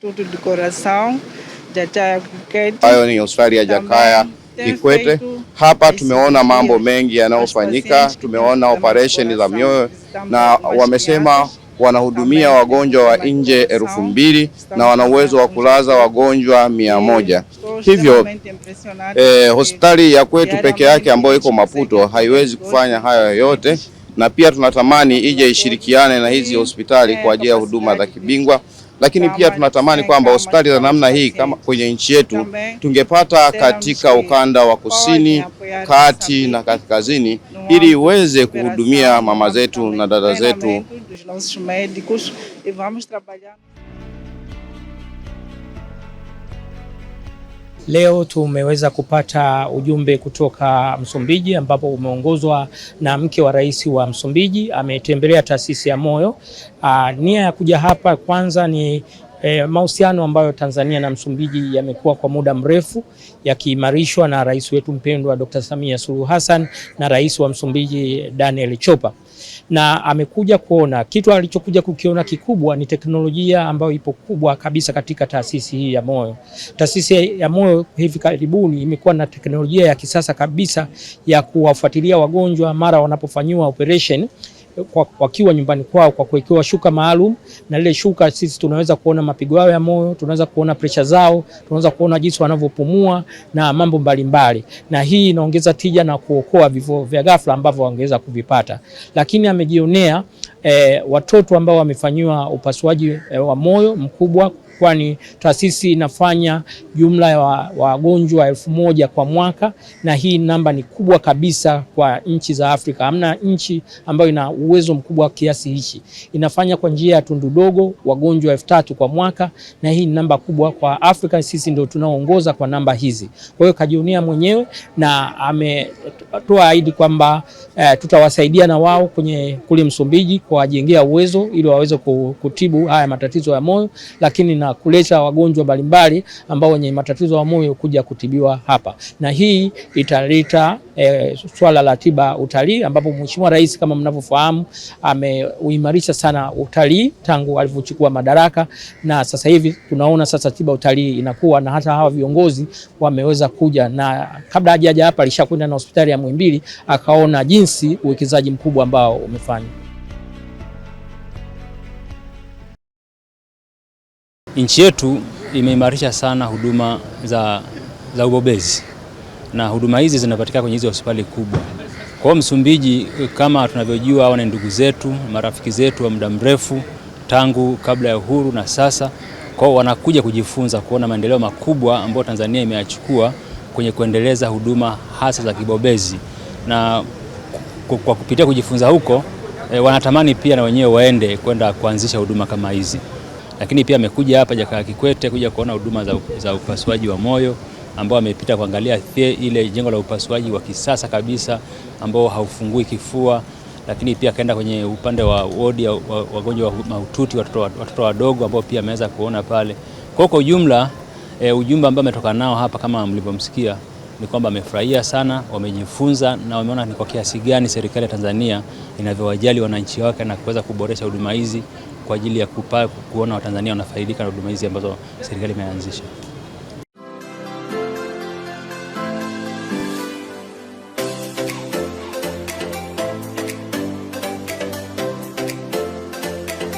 Instituto de Coração Jakaya Kikwete. Hayo ni hospitali ya Jakaya Kikwete. Hapa tumeona mambo mengi yanayofanyika, tumeona operation za mioyo na wamesema wanahudumia wagonjwa wa nje elfu mbili na wana uwezo wa kulaza wagonjwa mia moja. Hivyo eh, hospitali ya kwetu peke yake ambayo iko Maputo haiwezi kufanya hayo yote, na pia tunatamani ije ishirikiane na hizi hospitali kwa ajili ya huduma za kibingwa lakini pia tunatamani kwamba hospitali za namna hii kama kwenye nchi yetu tungepata katika ukanda wa kusini, kati na kaskazini, ili iweze kuhudumia mama zetu na dada zetu. Leo tumeweza kupata ujumbe kutoka Msumbiji ambapo umeongozwa na mke wa rais wa Msumbiji ametembelea taasisi ya moyo. Nia ya kuja hapa kwanza ni E, mahusiano ambayo Tanzania na Msumbiji yamekuwa kwa muda mrefu yakiimarishwa na rais wetu mpendwa Dr. Samia Suluhu Hassan na rais wa Msumbiji Daniel chopa na amekuja kuona kitu alichokuja kukiona kikubwa ni teknolojia ambayo ipo kubwa kabisa katika taasisi hii ya moyo. Taasisi ya moyo hivi karibuni imekuwa na teknolojia ya kisasa kabisa ya kuwafuatilia wagonjwa mara wanapofanyiwa operation kwa, wakiwa nyumbani kwao kwa kuwekewa shuka maalum, na lile shuka sisi tunaweza kuona mapigo yao ya moyo, tunaweza kuona presha zao, tunaweza kuona jinsi wanavyopumua na mambo mbalimbali mbali. Na hii inaongeza tija na kuokoa vifo vya ghafla ambavyo wangeweza kuvipata, lakini amejionea eh, watoto ambao wamefanyiwa upasuaji eh, wa moyo mkubwa kwani taasisi inafanya jumla ya wa, wagonjwa elfu moja kwa mwaka, na hii namba ni kubwa kabisa kwa nchi za Afrika. Hamna nchi ambayo ina uwezo mkubwa kiasi hichi. Inafanya kwa njia ya tundu dogo wagonjwa elfu tatu kwa mwaka, na hii ni namba kubwa kwa Afrika. Sisi ndio tunaoongoza kwa namba hizi. Kwa hiyo kajionia mwenyewe na ametoa ahadi kwamba eh, tutawasaidia na wao kwenye kule Msumbiji kuwajengea uwezo ili waweze kutibu haya matatizo ya moyo, lakini na na kuleta wagonjwa mbalimbali ambao wenye matatizo ya moyo kuja kutibiwa hapa, na hii italeta e, swala la tiba utalii, ambapo Mheshimiwa Rais kama mnavyofahamu ameuimarisha sana utalii tangu alivyochukua madaraka, na sasa hivi tunaona sasa tiba utalii inakuwa na hata hawa viongozi wameweza kuja, na kabla hajaja hapa alishakwenda na hospitali ya Muhimbili akaona jinsi uwekezaji mkubwa ambao umefanywa. Nchi yetu imeimarisha sana huduma za, za ubobezi na huduma hizi zinapatikana kwenye hizi hospitali kubwa. Kwa Msumbiji kama tunavyojua, hawa ni ndugu zetu, marafiki zetu wa muda mrefu tangu kabla ya uhuru na sasa. Kwa wanakuja kujifunza kuona maendeleo makubwa ambayo Tanzania imeyachukua kwenye kuendeleza huduma hasa za kibobezi, na kwa kupitia kujifunza huko e, wanatamani pia na wenyewe waende kwenda kuanzisha huduma kama hizi lakini pia amekuja hapa Jakaya Kikwete kuja kuona huduma za, za upasuaji wa moyo ambao amepita kuangalia ile jengo la upasuaji wa kisasa kabisa ambao haufungui kifua, lakini pia akaenda kwenye upande wa wodi ya wagonjwa wa mahututi watoto wadogo ambao pia ameweza kuona pale. Kwa kwa ujumla e, ujumbe ambao ametoka nao hapa kama mlivyomsikia ni kwamba amefurahia sana, wamejifunza na wameona ni kwa kiasi gani serikali ya Tanzania inavyowajali wananchi wake na kuweza kuboresha huduma hizi kwa ajili ya kupa, kuona Watanzania wanafaidika na huduma hizi ambazo serikali imeanzisha.